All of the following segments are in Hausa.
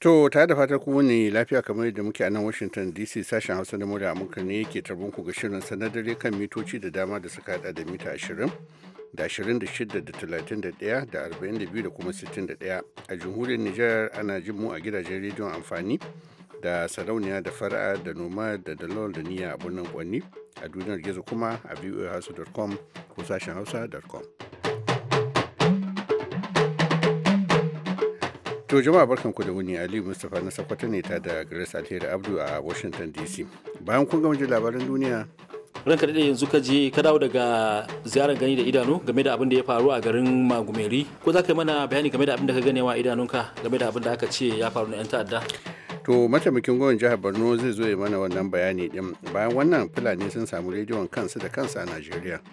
To ta da fatan ku ne lafiya kamar yadda muke a nan Washington DC sashen Hausa na murya Amurka ne yake tarbon ku ga shirin sanar dare kan mitoci da dama da suka hada da mita 20 da 26 da 31 da 42 da kuma 61 a jamhuriyar Nijar ana jin mu a gidajen rediyon amfani da sarauniya da fara'a da noma da dalol da niyya a birnin kwanni a duniyar gizo kuma a voahouse.com ko sashen hausa.com. To jama'a barkanku da wuni Aliyu Mustapha na Sokoto ne ta da Grace Alheri Abdu a Washington DC. Bayan kun gama jin labaran duniya ranka da yanzu ka je ka dawo daga ziyarar gani da idanu game da abin da ya faru a garin Magumeri ko za ka yi mana bayani game da abin da ka wa idanunka game da abin da aka ce ya faru na 'yan ta'adda. To mataimakin gwamnan jihar Borno zai zo ya mana wannan bayani din bayan wannan Fulani sun samu rediyon kansu da kansu a Najeriya.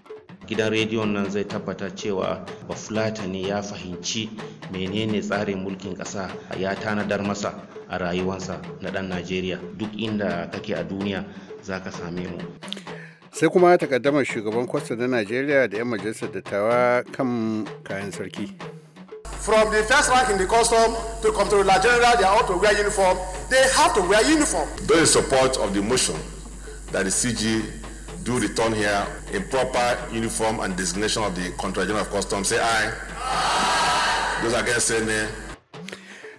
gidan rediyon nan zai tabbatar cewa bafulatani ya fahimci menene tsarin mulkin kasa ya tanadar masa a rayuwansa na dan najeriya duk inda kake a duniya za ka same mu sai kuma takaddamar shugaban kwasta na najeriya da 'yan majalisar dattawa kan kayan sarki from the first rank in the custom to comptroller general they are all to wear uniform they have to wear uniform. There in support of the motion that the CG do return here in proper uniform and designation of the Contra General of Customs. Say aye. aye. Those against say nay.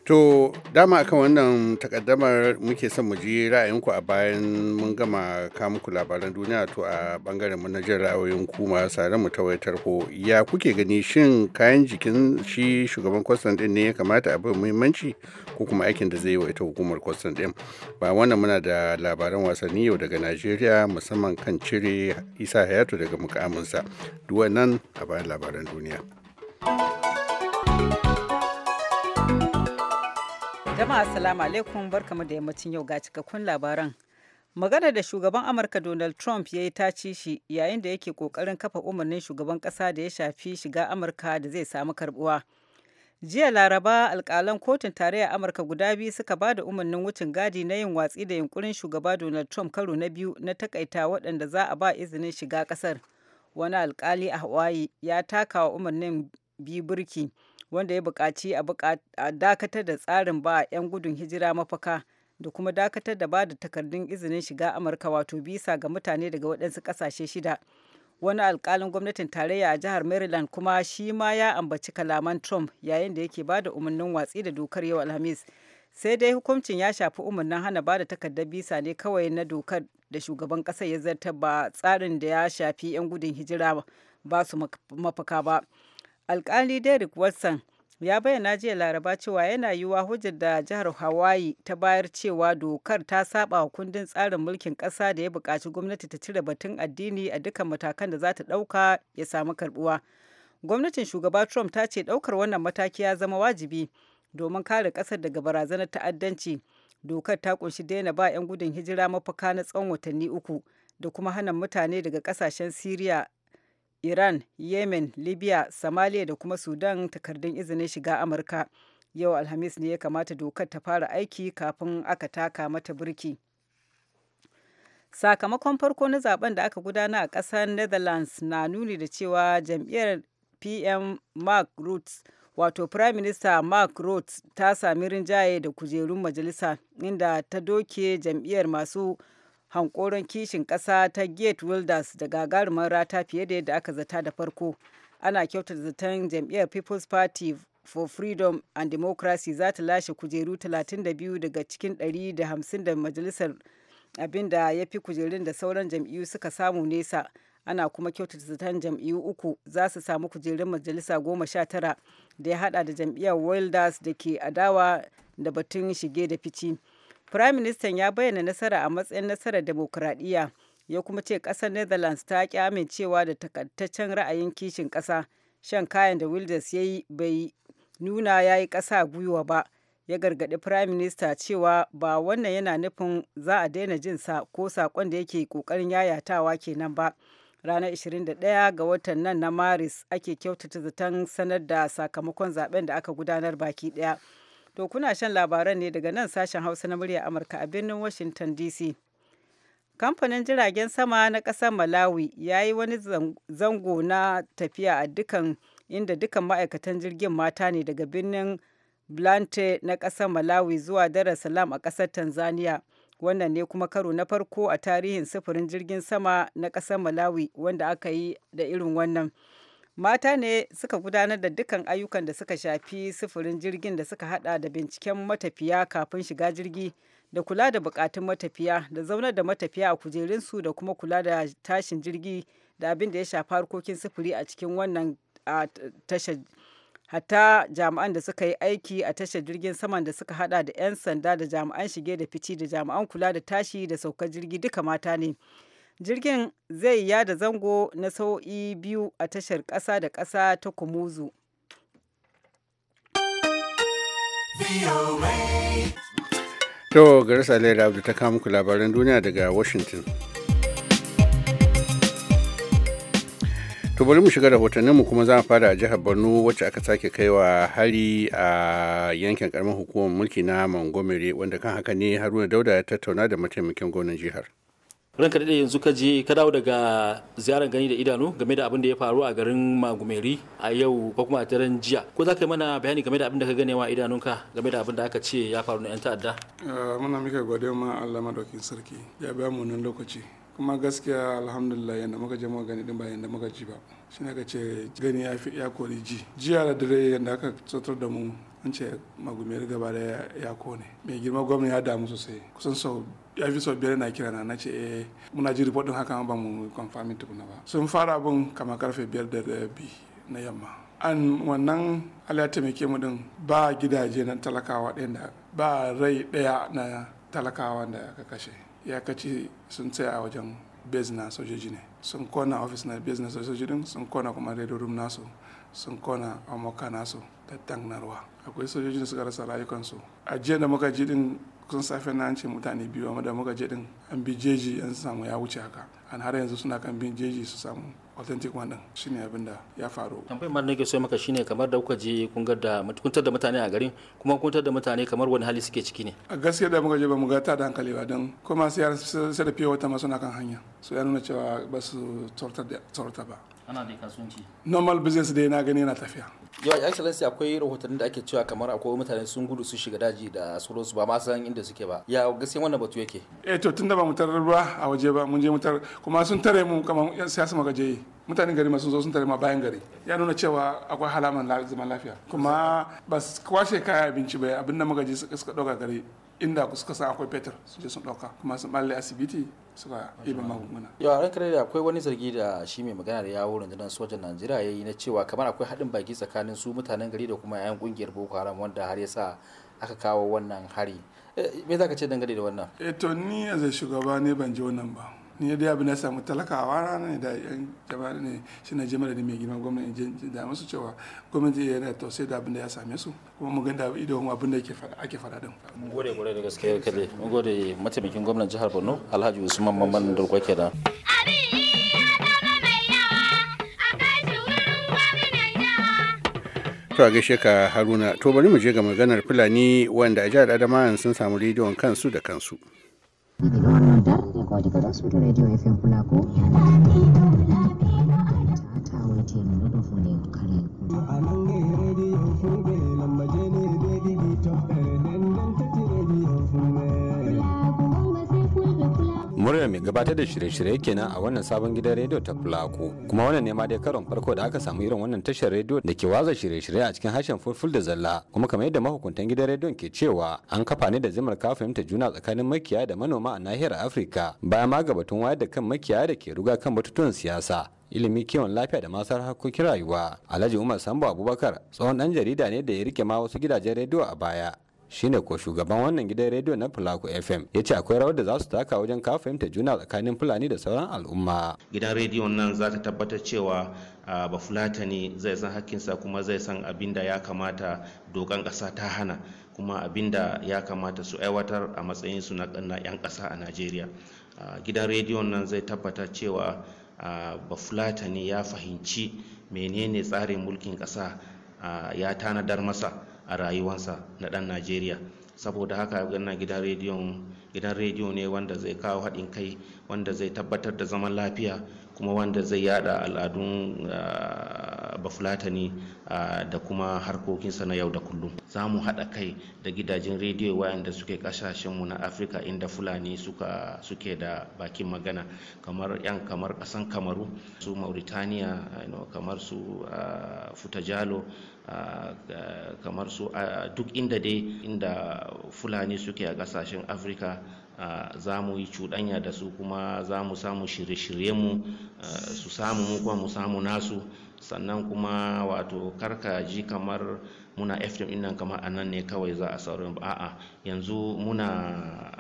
To dama akan wannan takaddamar muke son mu ji ra'ayinku a bayan mun gama muku labaran duniya to a bangaren mu na jin ra'ayoyin kuma sare mu tawaitar ko ya kuke gani shin kayan jikin shi shugaban kwastan din ne ya kamata a bi muhimmanci ko kuma aikin da zai yi wa ita hukumar kwastan din ba wannan muna da labaran wasanni yau daga Najeriya musamman kan cire Isa Hayatu daga mukaminsa duk wannan a bayan labaran duniya. Jama'a assalamu alaikum barkamu da yammacin yau ga cikakkun labaran. Magana da shugaban Amurka Donald Trump ya yi ta shi yayin da yake kokarin kafa umarnin shugaban kasa da ya shafi shiga Amurka da zai samu karbuwa. Jiya Laraba alkalan kotun tarayya Amurka guda biyu suka ba da umarnin wucin gadi na yin watsi da yunkurin shugaba Donald Trump karo na biyu na takaita waɗanda za a ba izinin shiga ƙasar. Wani alkali a Hawaii ya taka wa umarnin biyu birki wanda ya buƙaci a dakatar da tsarin ba 'yan gudun hijira mafaka da kuma dakatar da ba da takardun izinin shiga amurka wato bisa ga mutane daga waɗansu ƙasashe shida wani alkalin gwamnatin tarayya a jihar maryland kuma shi ma ya ambaci kalaman trump yayin da yake ba da umarnin watsi da dokar yau alhamis sai dai hukuncin ya shafi umarnin hana ba da takardar bisa ne kawai na dokar da shugaban ƙasar ya zartar ba tsarin da ya shafi 'yan gudun hijira ba su mafaka ba alkali derrick watson ya bayyana jiya laraba cewa yana yiwuwa hujjar da jihar hawaii ta bayar cewa dokar ta saba wa kundin tsarin mulkin kasa da ya buƙaci gwamnati ta cire batun addini a dukkan matakan da za ta ɗauka ya samu karbuwa gwamnatin shugaba trump ta ce ɗaukar wannan mataki ya zama wajibi domin kare ƙasar daga barazanar ta'addanci dokar ta kunshi daina ba 'yan gudun hijira mafaka na tsawon watanni uku da kuma hana mutane daga ƙasashen siriya. Iran, Yemen, Libya, Somalia da kuma Sudan takardun izinin shiga Amurka. Yau Alhamis ne ya kamata dokar ta fara aiki kafin aka taka mata birki. Sakamakon farko na zaben da aka gudana a ƙasar Netherlands na nuni da cewa jam'iyyar PM Mark Rutte, wato Prime Minister Mark Rutte ta sami rinjaye da kujerun majalisa inda ta doke jam'iyyar masu hankoron kishin ƙasa ta gate wilders da gagarumar rata fiye da yadda aka zata da farko ana kyautata zaton jam'iyyar people's party for freedom and democracy za ta lashe kujeru 32 daga cikin 150 da majalisar abinda ya fi kujerun da sauran jam'iyyu suka samu nesa ana kuma kyautata zaton jam'iyyu uku za su samu kujerun majalisa goma sha tara da ya hada da jam'iyyar wilders da ke adawa da batun shige da fici. Firaministan ya bayyana nasara a matsayin nasarar demokuraɗiyya ya kuma ce ƙasar Netherlands ta ƙi amincewa da takaitaccen ra'ayin kishin ƙasa. Shan kayan da Wilders ya yi bai nuna ya yi ƙasa gwiwa ba. Ya gargaɗi firaminista cewa ba wannan yana nufin za a daina jin sa ko saƙon da yake ƙoƙarin yayatawa kenan ba. ranar 21 ga watan nan na maris ake kyautata zaton sanar da sakamakon zaben da aka gudanar baki ɗaya. To kuna shan labaran ne daga nan sashen Hausa na murya Amurka a birnin Washington DC. Kamfanin jiragen sama na ƙasar Malawi ya yi wani zango na tafiya a dukan inda dukan ma'aikatan jirgin mata ne daga birnin Blante na ƙasar Malawi zuwa Dar es Salaam a ƙasar Tanzania. Wannan ne kuma karo na farko a tarihin sufurin jirgin sama na ƙasar Malawi wanda aka yi da irin wannan. mata ne suka gudanar da dukkan ayyukan da suka shafi sufurin jirgin da suka hada da binciken matafiya kafin shiga jirgi da kula da bukatun matafiya da zaunar da matafiya a kujerunsu da kuma kula da tashin jirgi da abin da ya shafi harkokin sufuri a cikin wannan tashar hatta jami'an da suka yi aiki a tashar jirgin saman da suka hada da 'yan sanda da jami'an shige da fici da jami'an kula da tashi da saukar jirgi duka mata ne jirgin zai yada zango na sau'i biyu a tashar ƙasa da ƙasa ta kumuzu to garisa laira abu ta kama muku labaran duniya daga washington to bari mu shiga mu kuma za mu fara a jihar borno wacce aka sake kaiwa hari a yankin karamin hukumar mulki na montgomery wanda kan haka ne haruna dauda ya tattauna da mataimakin gwamnan jihar ranka daɗe yanzu ka je ka dawo daga ziyarar gani da idanu game da abin da ya faru a garin magumeri a yau ko kuma a daren jiya ko za ka yi mana bayani game da abin da ka gane wa idanunka game da abin da aka ce ya faru na 'yan ta'adda eh, muna mika godiya ma allah madaukin sarki ya biya mu nan lokaci kuma gaskiya alhamdulillah yadda muka je muka gani din ba yadda muka ji ba shi ne ka ce gani ya fi ya kori ji jiya da dare yadda aka tsotar da mu an ce magumeri gaba da ya kone mai girma gwamna ya damu sosai kusan sau ya fi sau biyar na kira na ce eh muna ji report din haka ba mu confirming tukuna ba sun fara abin kama karfe biyar da rabi na yamma an wannan Allah taimake mu din ba gidaje na talakawa ɗaya da ba rai ɗaya na talakawa da aka kashe ya kaci sun tsaya a wajen base na sojoji ne sun kona office na base na sojoji din sun kona kuma radio room nasu sun kona amurka nasu da tangnarwa akwai sojojin suka rasa rayukansu a jiya da muka ji din kusan safe na an ce mutane biyu amma da muka je din an bi jeji an samu ya wuce haka an har yanzu suna kan bin jeji su samu authentic one din shine abin da ya faru tambayar ma nake so maka shine kamar da kuka je kun ga da kuntar da mutane a garin kuma kuntar da mutane kamar wani hali suke ciki ne a gaskiya da muka je ba mu ga ta da hankali ba don kuma sai da fiye wata ma suna kan hanya so ya nuna cewa ba su tortar ba ana da kasuwanci normal business dai na gani yana tafiya yawa ya excellency akwai rahotanni da ake cewa kamar akwai mutane sun gudu su shiga daji da sauransu ba ma san inda suke ba ya gaskiya wannan batu yake eh to tunda ba mu tarar ruwa a waje ba mun je mu tar kuma sun tare mu kamar yan siyasa ma je mutanen gari masu zo sun tare ma bayan gari ya nuna cewa akwai halaman zaman lafiya kuma ba kwashe kaya abinci ba abin da magaji su suka dauka gari inda suka san akwai fetur su je sun dauka kuma sun balle asibiti suka ibe magunguna yau a rankar da akwai wani zargi da shi mai magana da yawo rundunar sojan najeriya ya yi na cewa kamar akwai haɗin baki tsakanin su mutanen gari da kuma yayan kungiyar boko haram wanda har ya sa aka kawo wannan hari eh, me za ka ce dangane da wannan eh to ni zai shugaba ne ban je wannan ba ni yadda abin da ya samu talakawa rana ne da yan jama'a ne shi na jama'a da mai girma gwamnati da masu cewa gwamnati yana tausayi da abin da ya same su kuma mu ganda idon abin da ake fara din. mun gode gode da gaske kale mun gode mataimakin gwamnan jihar borno alhaji usman mamman durkwa kenan. to a gaishe ka haruna to bari mu je ga maganar fulani wanda a jihar adamawa sun samu rediyon kansu da kansu. ఇదిలో అనంతర్ కోటికల సూటు radio FM పులాకు murya mai gabatar da shirye-shirye kenan a wannan sabon gidan rediyo ta fulako kuma wannan ne ma dai karon farko da aka samu irin wannan tashar rediyo da ke watsa shirye-shirye a cikin harshen fulful da zalla kuma kamar yadda mahukuntan gidan rediyon ke cewa an kafa ne da zimar ka fahimta juna tsakanin makiya da manoma a nahiyar afirka bayan ma gabatun wayar da kan makiya da ke ruga kan batutuwan siyasa ilimi kiwon lafiya da masar harkokin rayuwa alhaji umar sambo abubakar tsohon dan jarida ne da ya rike ma wasu gidajen rediyo a baya shine ko shugaban wannan gidan rediyo na Fulako FM ya ce akwai rawar da za su taka wajen ka fahimta juna tsakanin Fulani da sauran al'umma. Gidan rediyon nan za ta tabbatar cewa ba Fulatani zai san hakkinsa kuma zai san abin da ya kamata dokan ƙasa ta hana kuma abin da ya kamata su aiwatar a matsayin matsayinsu na 'yan ƙasa a Najeriya. Gidan rediyon nan zai tabbatar cewa ba Fulatani ya fahimci menene tsarin mulkin ƙasa ya tanadar masa. a rayuwarsa na ɗan najeriya saboda haka gana gidan rediyo gidan rediyo ne wanda zai kawo haɗin kai wanda zai tabbatar da zaman lafiya kuma wanda zai yada al'adun bafulatani da kuma harkokinsa na yau da kullum za mu haɗa kai da gidajen rediyo wayanda suke ƙasashenmu na afirka inda fulani suka suke da bakin magana kamar yan kamar ƙasan kamaru su mauritaniya kamar su futajalo kamar su duk inda dai inda fulani suke a kasashen afirka za mu yi cuɗanya da su kuma za mu samu shirye-shirye mu su samu mu kuma mu samu nasu sannan kuma wato karka ji kamar muna fm nan kamar a nan ne kawai za a sauran a'a yanzu muna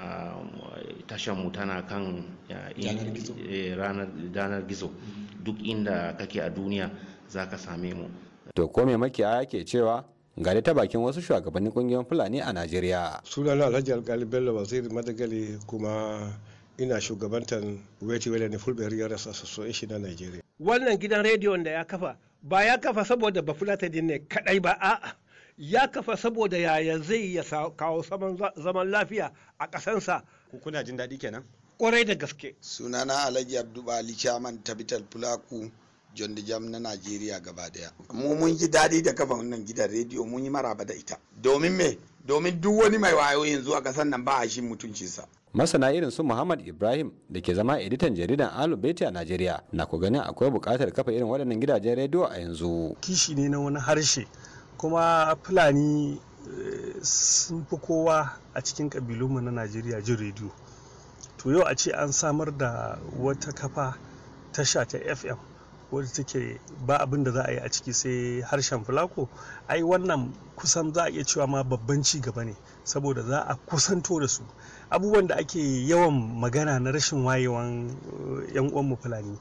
tashan mu tana kan eh, ranar gizo mm-hmm. duk inda kake a duniya za ka same mu to ko me makiyaya ke cewa gare ta bakin wasu shugabannin kungiyoyin fulani a najeriya sunana alhaji alkali bello waziri madagali kuma ina shugabantar wetin wele ne fulbe riyarras association na nigeria wannan gidan rediyon da ya kafa ba ya kafa saboda din ne kadai ba a'a ya kafa saboda yaya zai ya kawo zaman lafiya a kasansa kuna jin daɗi kenan kwarai da gaske sunana alhaji abdubali chairman tabital fulaku John jam na Najeriya gaba daya. Mu mun ji daɗi da kafa wannan gidan rediyo mun yi maraba da ita. Domin me? Domin duk wani mai wayo yanzu a ƙasar nan ba a shi mutuncinsa. Masana irin su Muhammad Ibrahim da ke zama editan jaridan Alu Beti a Najeriya na ku ganin akwai buƙatar kafa irin waɗannan gidajen rediyo a yanzu. Kishi ne na wani harshe kuma Fulani eh, sun fi kowa a cikin ƙabilunmu na Najeriya jin rediyo. To yau a ce an samar da wata kafa tasha ta FM wadda take ba abin da za a yi a ciki sai harshen fulako ai wannan kusan za a iya cewa ma babban ci gaba ne saboda za a kusanto da su abubuwan da ake yawan magana na rashin wayewan eh, yan uwanmu fulani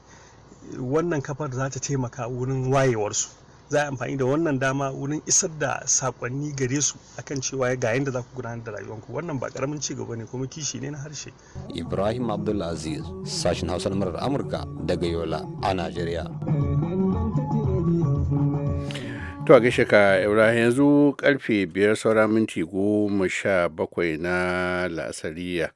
wannan kafar za ta taimaka wurin wayewarsu za a amfani da wannan dama wurin isar da sakonni gare su akan cewa ga yadda za ku gudanar da rayuwanku wannan ba karamin ci gaba ne kuma kishi ne na harshe ibrahim abdulaziz sashen hausa na murar amurka daga yola a najeriya to a gaishe ka ibrahim yanzu karfe biyar saura minti goma sha bakwai na la'asariya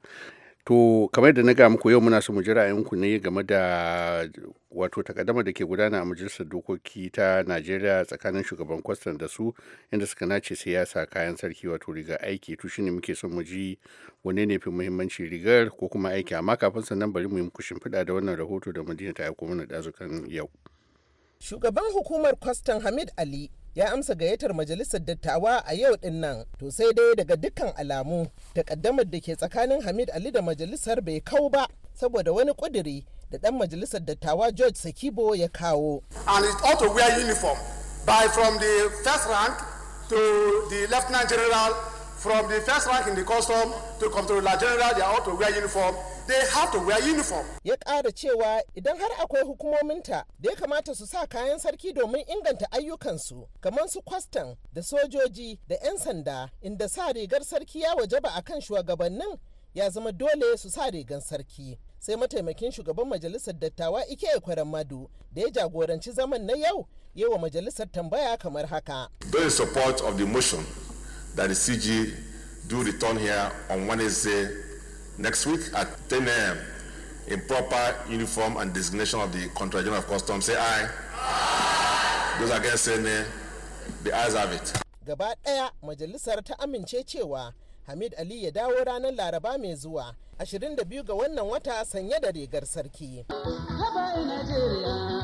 to kamar da na ga muku yau muna so mu ji ra'ayinku ne game da wato takaddama da ke gudana a majalisar dokoki ta najeriya tsakanin shugaban kwastan da su inda suka nace siyasa kayan sarki wato riga aiki to shine muke son mu ji wane ne fi muhimmanci rigar ko kuma aiki amma kafin sannan bari mu yi muku shimfiɗa da wannan rahoto da madina ta aiko mana dazukan yau shugaban hukumar kwastan hamid ali ya amsa gayyatar majalisar dattawa a yau din nan to sai dai daga dukkan alamu takaddamar da ke tsakanin hamid ali da majalisar bai kau ba saboda wani kuduri da dan majalisar dattawa george sakibo ya kawo and it ought to wear uniform by from the first rank to the lieutenant general from the first rank in the custom to comptroller general they are to wear uniform they have to wear uniform. Ya ƙara cewa idan har akwai hukumominta da ya kamata su sa kayan sarki domin inganta ayyukansu kamar su kwastan da sojoji da 'yan sanda inda sa rigar sarki ya wajaba akan shugabannin ya zama dole su sa rigar sarki. sai mataimakin shugaban majalisar dattawa ike kwaran madu da ya jagoranci zaman na yau yi wa majalisar tambaya kamar haka. support of the motion that the CG do return here on Wednesday next week at 10 a.m. in proper uniform and designation of the Contra General of Customs. Say aye. aye. Those against say nay. The eyes have it. Gaba ɗaya majalisar ta amince cewa Hamid Ali ya dawo ranar Laraba mai zuwa 22 ga wannan wata sanye da rigar sarki. Haba Najeriya.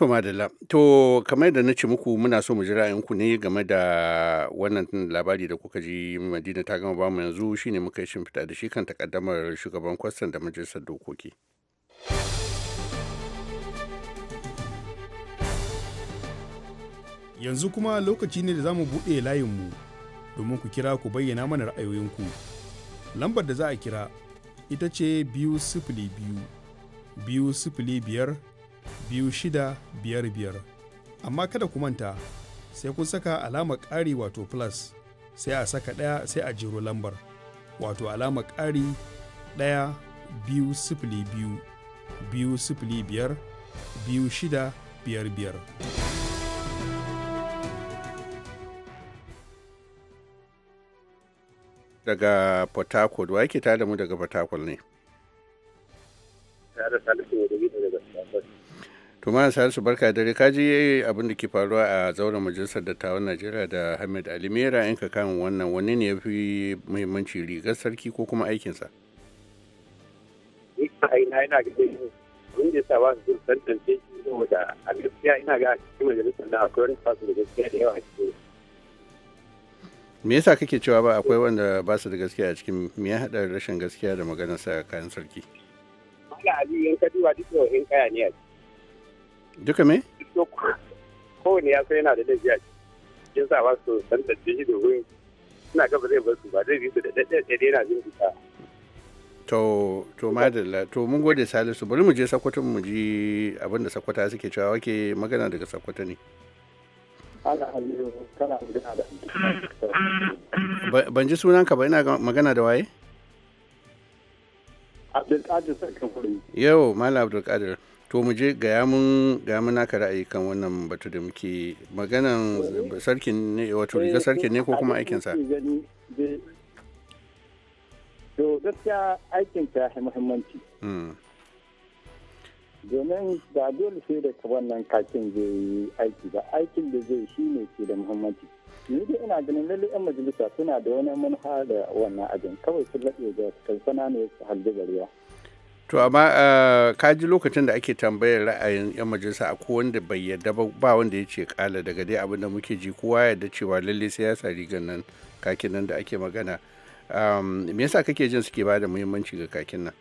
To madalla, to kamar da na ce muku muna so mu ji ra'ayinku ne game da wannan labari da kuka ji Madina ta gama bamu yanzu shine muka yi shimfida da shi kan takaddamar shugaban kwastan da majalisar dokoki. Yanzu kuma lokaci ne da zamu mu buɗe layinmu domin ku kira ku bayyana mana ra'ayoyinku. Lambar da za a kira ita ce biyu sifili biyu, biyu sifili biyar 2655 amma kada ku manta sai kun saka alama ƙari wato plus sai a saka ɗaya sai a jiro lambar wato alama ƙari ɗaya biyu sifili biyu biyu sifili biyar biyu shida biyar biyar. daga port wa yake tada mu daga port ne? tare da salisu ne daga port to ma su barka dare ka ji abin da ke faruwa a zauren majalisar dattawan najeriya da hamid ali mera ka kan wannan wani ne yafi muhimmanci rigar sarki ko kuma aikinsa ina ina ga abin da ya sa ba su tantance shi saboda a gaskiya ina ga cikin majalisar na akwai wani fasu da gaskiya da yawa cikin me yasa kake cewa ba akwai wanda ba su da gaskiya a cikin me ya haɗa rashin gaskiya da maganar sa kayan sarki Mala Ali yan kaduwa duk yau in kaya ne a ciki. Duka me? Kowane ya san yana da laifi a cikin sa ba su san da shi domin suna gaba zai bar su ba zai bi su da daɗaɗɗe yana jin fita. to to madalla to mun gode salisu bari mu je sakwatan mu ji abin da sakwata suke cewa wake magana daga sakwata ne ban ji sunan ka ba ina magana da waye abdulkadir sarkin kuri yau malam abdulkadir to mu je ga yamun ga mun naka ra'ayi kan wannan batu da muke maganan sarkin ne wato riga sarkin ne ko kuma aikin sa to gaskiya aikin ta muhimmanci hmm. domin ba dole sai da wannan kakin zai yi aiki ba aikin da zai shi ne ke da muhimmanci ni dai ina ganin lalle yan majalisa suna da wani manufa da wannan abin kawai sun laɗe da kansana ne su halbi gariya to amma eh, ka ji lokacin da ake tambayar ra'ayin 'yan majalisa a ko wanda bai yadda ba wanda ya ce kala daga dai abin da muke ji kowa yarda cewa lalle sai ya sa rigar nan kakin nan da ake magana me yasa kake jin suke ba da muhimmanci ga kakin nan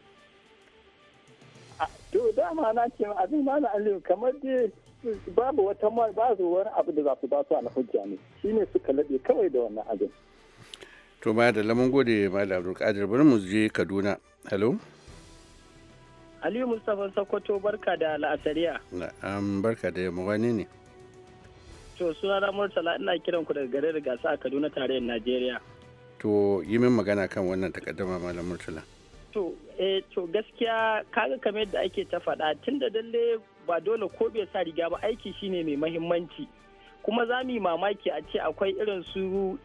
to dama na ce abin ma na kamar dai babu wata babu wani abu da za su ba su hujja ne shine suka laɗe kawai da wannan abin to ma da lamun gode malam abdulkadir bari mu je kaduna hello Aliyu Mustapha Sokoto barka da la'asariya. Na'am barka da yamma wani ne? To na Murtala ina kiran ku daga garin gasa a Kaduna tarayyar Najeriya. To yi min magana kan wannan takaddama Malam Murtala. To eh to gaskiya kaga kamar yadda ake ta faɗa tunda dalle ba dole ko bai sa riga ba aiki shine mai muhimmanci. kuma za mu yi mamaki a ce akwai irin su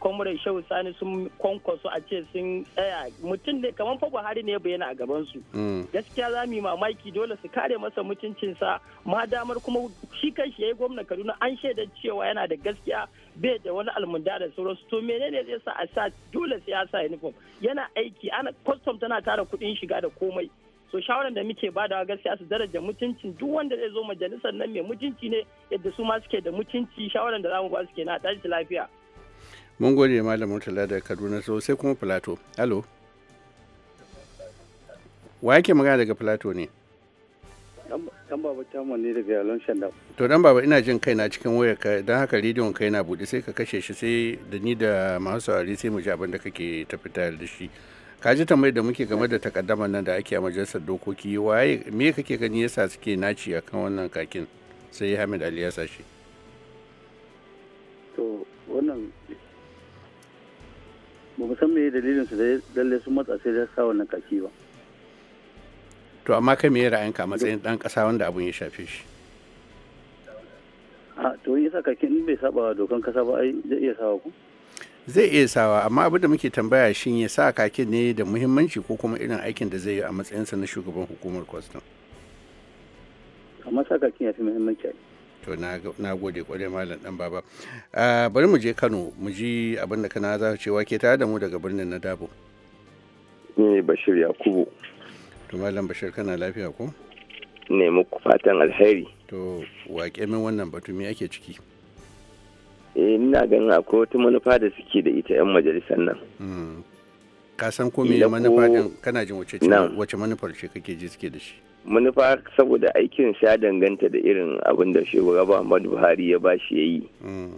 kwamure eh, shehu sani sun kwankwaso a ce sun tsaya mutum ne kamar fa buhari ne ya bayyana a gabansu mm. gaskiya za mu yi mamaki dole su kare masa mutuncinsa ma damar kuma shi kanshi ya yi gwamna kaduna an shaida cewa yana da gaskiya bai da wani almunda da sauransu to menene zai sa a sa dole sai ya sa uniform yana aiki ana kwastam tana tara kuɗin shiga da komai so shawaran da muke badawa gaskiya su daraja mutuncin duk wanda zai zo majalisar nan mai mutunci ne yadda su ma suke da mutunci shawaran da zamu ba su kenan a tashi lafiya mun gode malam murtala da kaduna so sai kuma plato alo wa yake magana daga plato ne dan baba tamu ne daga yalon shanda. to dan baba ina jin kaina cikin wayar ka dan haka rediyon kai na bude sai ka kashe shi sai da ni da masu saurari sai mu ji abin da kake tafitar da shi ka ji tambayar da muke game da takaddamar nan da ake a majalisar dokoki waye me kake gani yasa suke naci akan wannan kakin sai hamid ali ya sashi to wannan ba mu san meye dalilin su da lalle sun matsa sai da sa wannan kaki ba to amma kai me ra'ayinka matsayin dan kasa wanda abun ya shafe shi a to yasa kakin bai saba dokan kasa ba ai zai iya sawa ku zai iya sawa amma abin da muke tambaya shi ya sa kakin ne da muhimmanci ko kuma irin aikin da zai yi a matsayinsa na shugaban hukumar kwastam amma sa kakin ya fi muhimmanci to na gode kwarai malam dan baba bari mu je kano mu ji abin da kana za cewa ke tare da mu daga birnin na dabo ne bashir yakubu to malam bashir kana lafiya ko ne muku fatan alheri to waƙe min wannan batu me ake ciki eh ina ganin akwai wata manufa da suke da ita 'yan majalisar nan hmm. ka san ko manufa din kana jin wace wace manufar ce kake ji suke da shi manufa saboda aikin sha danganta da irin abin da shugaba Muhammadu Buhari ya ba shi yayi hmm.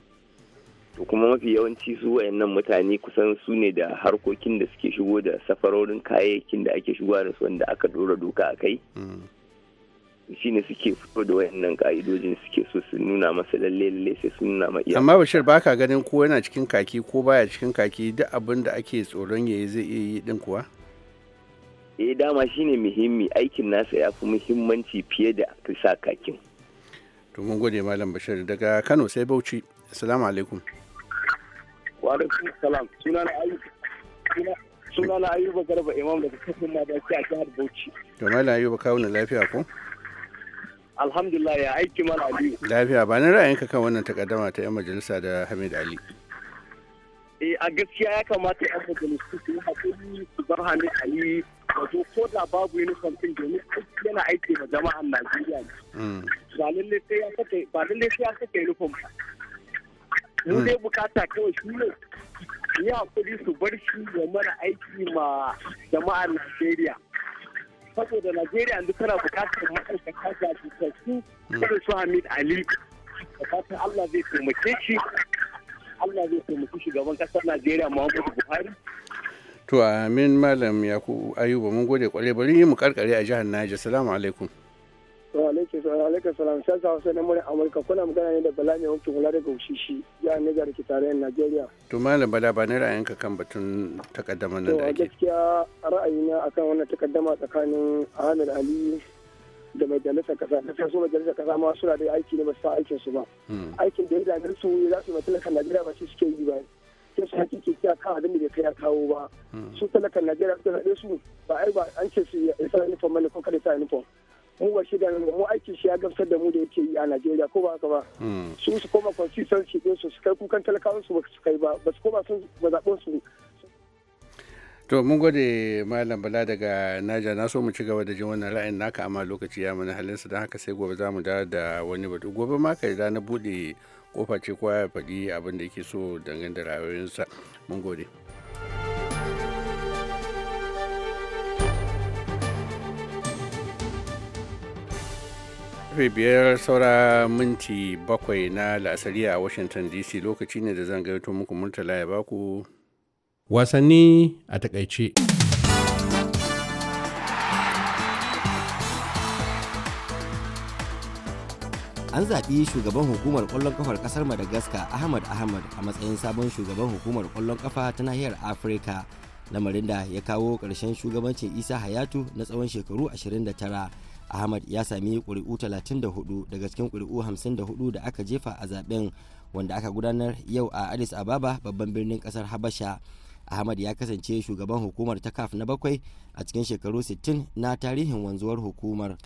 to kuma mafi yawanci su wayannan mutane kusan su ne da harkokin da suke shigo da safarorin kayayyakin da ake shigo da su wanda aka dora doka a kai hmm. shine suke fito da wayannan ka'idojin suke so su nuna masa lalle lalle sai su nuna ma amma bashir baka ganin ko yana cikin kaki ko baya cikin kaki duk abin da ake tsoron yayi zai iya yi din kuwa eh dama shine muhimmi aikin nasa ya fi muhimmanci fiye da sa kakin to mun gode malam bashir daga Kano sai Bauchi assalamu alaikum wa alaikum salam sunana ayyuka sunana ayuba garba imam daga kafin madaci a jihar bauchi to malam ayuba kawo lafiya ko alhamdulillah ya aiki mana aliyu lafiya ba ni ra'ayinka kan wannan takaddama ta yan majalisa da hamid ali eh a gaskiya ya kamata yan majalisu su yi hakuri su bar hamid ali wato ko da babu uniform din domin yana aiki da jama'an najeriya ne mm. ba lalle sai ya saka ba lalle sai ya ba mu mm. dai bukata kawai shi ne ya hakuri su bar shi ya mara aiki ma jama'an najeriya saboda Najeriya yanzu tana bukatar ma'aikata jajirtattu su hmm. kada su Hamid Ali da fatan Allah zai taimake shi Allah zai taimaki shugaban kasar Najeriya Muhammadu Buhari to amin malam yakubu ayuba mun gode kwarai bari mu karkare a jihar Niger assalamu alaikum wa alaikum salam sassa hausa na murin amurka kuna magana ne da bala mai wankin kula daga ushishi ne nigar ke tarayyar najeriya to malam bala ba Ne ni ra'ayinka kan batun takaddama na da ake gaskiya ra'ayina akan wannan takaddama tsakanin ahmed ali da majalisar kasa da su majalisar kasa ma suna da aiki ne ba su aikin su ba hmm. aikin da ya dame su za su mai talakan najeriya ba su suke yi ba sai su haƙi ke kiya kan abin da bai kai ya kawo ba hmm. su talakan najeriya su zaɓe su ba ai ba an ce su ya sa uniform ko kada sa uniform mu ba shi da mu aiki shi ya gamsar da mu da yake yi a Najeriya ko ba haka ba hmm. su su koma shi su su kai kukan talakawan su ba su kai ba ba su koma sun ba zaben su to mun gode malam bala daga naja na so mu ci gaba da jin wannan ra'ayin naka amma lokaci ya mana halin don haka sai gobe za mu dawo da wani batu gobe ma kai na bude kofa ce kowa ya faɗi abin da yake so dangane da rayuwarsa mun gode karfe biyar saura minti bakwai na la'asari a washington dc lokaci ne da zan gaito muku murtala ya baku wasanni a takaice an zaɓi shugaban hukumar ƙwallon ƙafar ƙasar madagascar ahmad ahmad a matsayin sabon shugaban hukumar ƙwallon ƙafa ta nahiyar afirka lamarin da ya kawo ƙarshen shugabancin isa hayatu na tsawon shekaru 29 ahmad ya sami ƙuri'u 34 daga cikin kuri'u 54 da aka jefa a zaben wanda aka gudanar yau a addis ababa babban birnin kasar habasha ahmad ya kasance shugaban hukumar ta kaf na bakwai a cikin shekaru 60 na tarihin wanzuwar hukumar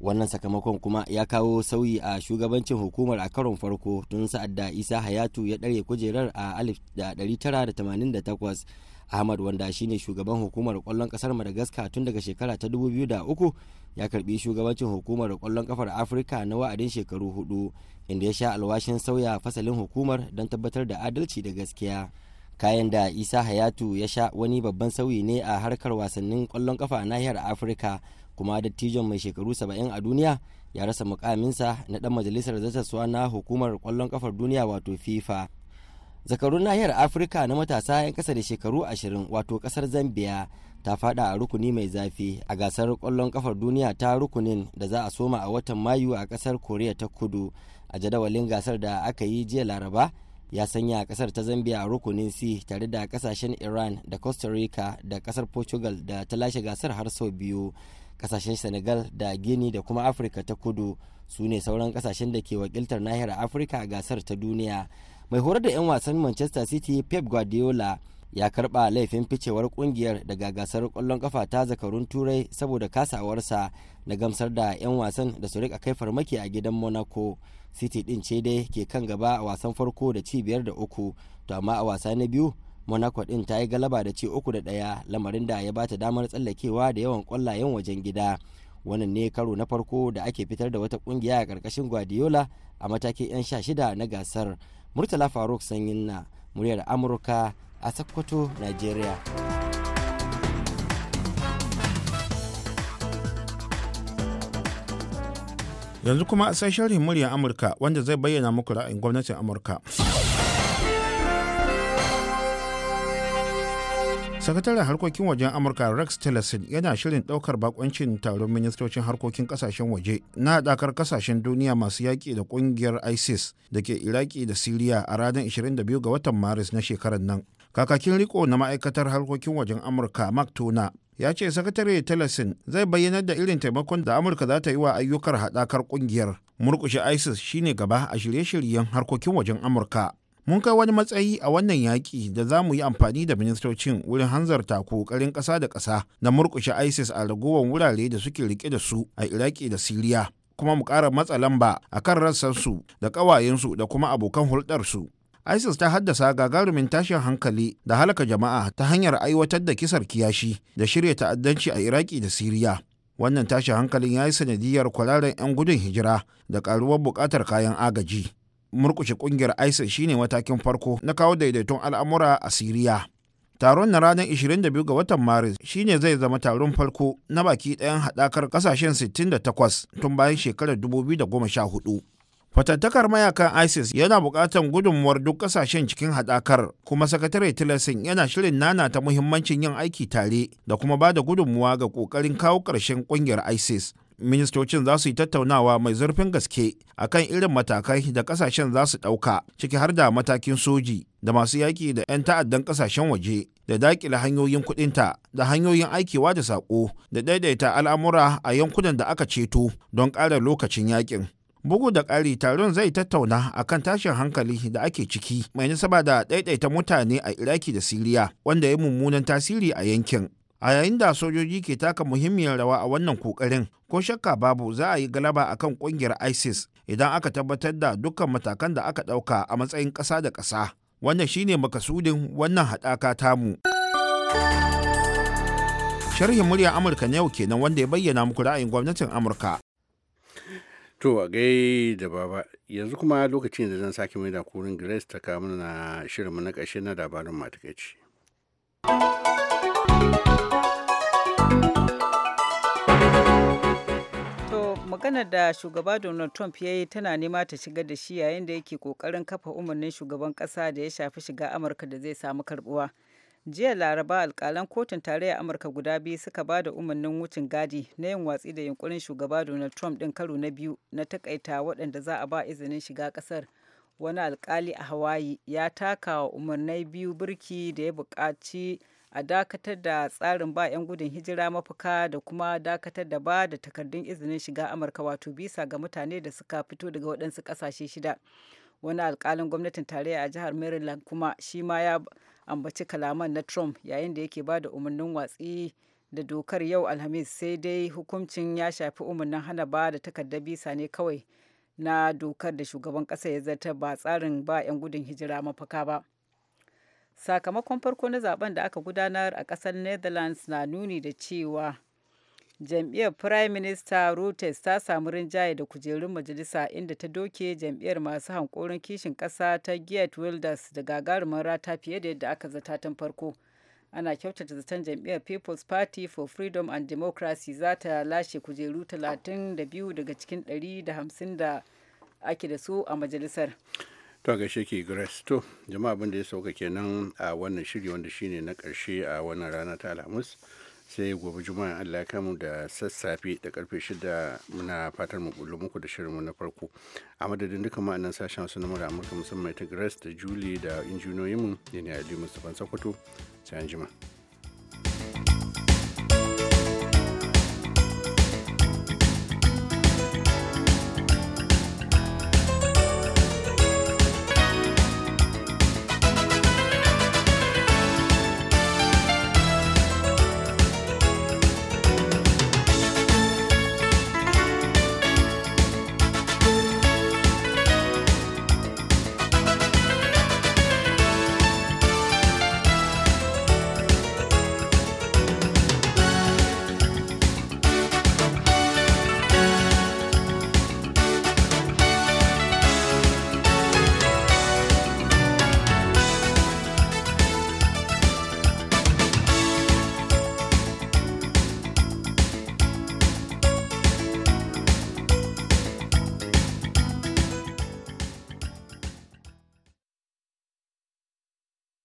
wannan sakamakon kuma ya kawo sauyi a shugabancin hukumar a karon farko tun sa'ad da isa hayatu ya ɗare kujerar a 1988 ahmad wanda shine shugaban hukumar kwallon kasar madagascar tun daga shekara ta 2003 ya karbi shugabancin hukumar kwallon kafar afirka na wa'adin shekaru hudu inda ya sha alwashin sauya fasalin hukumar don tabbatar da adalci da gaskiya kayan da isa hayatu ya sha wani babban sauyi ne a harkar wasannin kwallon kafa a nahiyar afirka kuma dattijon mai shekaru 70 a duniya ya rasa mukaminsa na dan majalisar zata na hukumar kwallon kafar duniya wato fifa zakarun nahiyar afirka na matasa 'yan kasa da shekaru 20 wato kasar zambia ta fada a rukuni mai zafi a gasar kwallon kafar duniya ta rukunin da za a soma a watan mayu a kasar koriya ta kudu a jadawalin gasar da aka yi jiya laraba ya sanya kasar ta zambia a rukunin c tare da kasashen iran da costa rica da kasar portugal da ta lashe gasar har sau biyu kasashen senegal da guinea da kuma afirka ta kudu su ne sauran kasashen da ke wakiltar nahiyar afirka a gasar ta duniya mai horar da 'yan wasan manchester city pep guardiola ya karba laifin ficewar kungiyar daga gasar kwallon kafa ta zakarun turai saboda kasawarsa na gamsar da 'yan wasan da su rika kai farmaki a gidan monaco city din ce dai ke kan gaba a wasan farko da ci biyar da uku to amma a wasa na biyu monaco din ta yi galaba da ci uku da daya lamarin da ya bata damar tsallakewa da yawan kwallayen wajen gida wannan ne karo na farko da ake fitar da wata kungiya a karkashin guardiola a matakin 'yan sha shida na gasar murtala faruk sanyin na muryar amurka a sokoto nigeria yanzu kuma sai sharhin muryar amurka wanda zai bayyana muku ra'ayin gwamnatin amurka sakataren harkokin wajen amurka rex tillerson yana shirin daukar bakoncin taron ministocin harkokin kasashen waje na hadakar kasashen duniya masu yaƙi da ƙungiyar isis da ke iraki da siriya a ranar 22 ga watan maris na shekarar nan kakakin riko na ma'aikatar harkokin wajen amurka mark tona ya ce sakatare tillerson zai bayyanar da irin taimakon da amurka za ta yi wa ayyukar hadakar ƙungiyar murkushe isis shine gaba a shirye-shiryen harkokin wajen amurka mun kai wani matsayi a wannan yaƙi da za mu yi amfani da ministocin wurin hanzarta ƙoƙarin ƙasa da ƙasa na murƙushe isis a ragowar wurare da suke riƙe da su a iraki da siriya kuma mu ƙara matsa lamba a kan rassansu da ƙawayensu da kuma abokan hulɗarsu isis ta haddasa gagarumin tashin hankali da halaka jama'a ta hanyar aiwatar da kisar kiyashi da shirya ta'addanci a iraki da siriya wannan tashin hankalin ya yi sanadiyar kwararren 'yan gudun hijira da ƙaruwar buƙatar kayan agaji murkushe kungiyar isis shine matakin farko na kawo daidaiton al'amura a siriya taron na ranar 22 ga watan maris shine zai zama taron farko na baki ɗayan haɗakar ƙasashen 68 tun bayan shekarar 2014 fatattakar mayakan isis yana buƙatar gudunmuwar duk ƙasashen cikin haɗakar kuma sakatare tillerson yana shirin nana ta muhimmancin yin aiki tare da kuma ba da gudunmuwa ga ƙoƙarin kawo ƙarshen ƙungiyar isis ministocin za su yi tattaunawa mai zurfin gaske a kan irin matakai da kasashen za su ɗauka ciki har da matakin soji da masu yaƙi da 'yan ta'addan kasashen waje da daƙile hanyoyin kuɗinta da hanyoyin aikewa da saƙo da daidaita al'amura a yankunan da aka ceto don ƙara lokacin yaƙin. bugu da ƙari taron zai tattauna a kan tashin hankali da ake ciki mai nasaba da ɗaiɗaita mutane a iraki da siriya wanda ya mummunan tasiri a yankin a yayin da sojoji ke taka muhimmiyar rawa a wannan kokarin ko shakka babu za a yi galaba akan kungiyar isis idan aka tabbatar da dukkan matakan da aka dauka a matsayin kasa da kasa wannan shine makasudin wannan hadaka tamu sharhin murya amurka na yau kenan wanda ya bayyana muku ra'ayin gwamnatin amurka To a gai baba yanzu kuma lokacin da zan sake mai da kurin Grace ta kawo mana shirin na ƙarshe na labarin matakaici. maganar da shugaba donald trump ya yi tana nema ta shiga da shi yayin da yake kokarin kafa umarnin shugaban kasa da ya shafi shiga amurka da zai samu karbuwa jiya laraba alkalan kotun tarayya amurka guda biyu suka ba da umarnin wucin gadi na yin watsi da yunkurin shugaba donald trump din karo na biyu na takaita waɗanda za a ba izinin shiga ƙasar wani alkali a hawaii ya taka umarnai biyu birki da ya buƙaci a dakatar da tsarin ba 'yan gudun hijira mafaka da kuma dakatar da ba da takardun izinin shiga amurka wato bisa ga mutane da suka fito daga waɗansu ƙasashe shida wani alƙalin gwamnatin tarayya a jihar maryland kuma shi ma ya ambaci kalaman na trump yayin da yake ba da umarnin watsi da dokar yau alhamis sai dai hukuncin ya shafi umarnin hana ba da takardar bisa ne kawai na dokar da shugaban ƙasa ya zartar ba tsarin ba 'yan gudun hijira mafaka ba. sakamakon farko na zaben da aka gudanar a kasar netherlands na nuni da cewa jam'iyyar prime minister Rutes ta samu rinjaye da kujerun majalisa inda ta doke jam'iyyar masu hankorin kishin kasa ta Geert Wilders da gagarumin rata fiye da yadda aka zata tun farko. Ana kyautata zaton jam'iyyar People's Party for Freedom and Democracy za ta lashe kujeru 32 daga cikin 150 da ake da su a majalisar. to gaishe ke grace to jama'a abin da ya sauka kenan a wannan shiri wanda shine na karshe a wannan rana ta alhamis sai gobe juma'a allah ya mu da sassafe da karfe shida muna fatar mu bullo muku da shirin mu na farko a madadin duka ma'anan sashen wasu na mura amurka musamman ta grace da juli da injiniyoyinmu ne ne ali sokoto sai an jima.